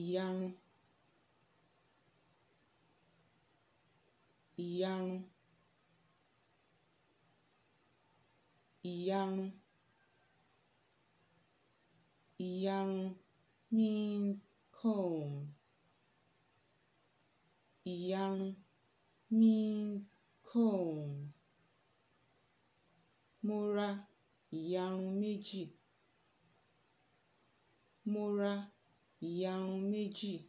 ìyarun ìyarun ìyarun ìyarun means comb ìyarun means comb mo ra ìyarun méjì mo ra 杨梅汁。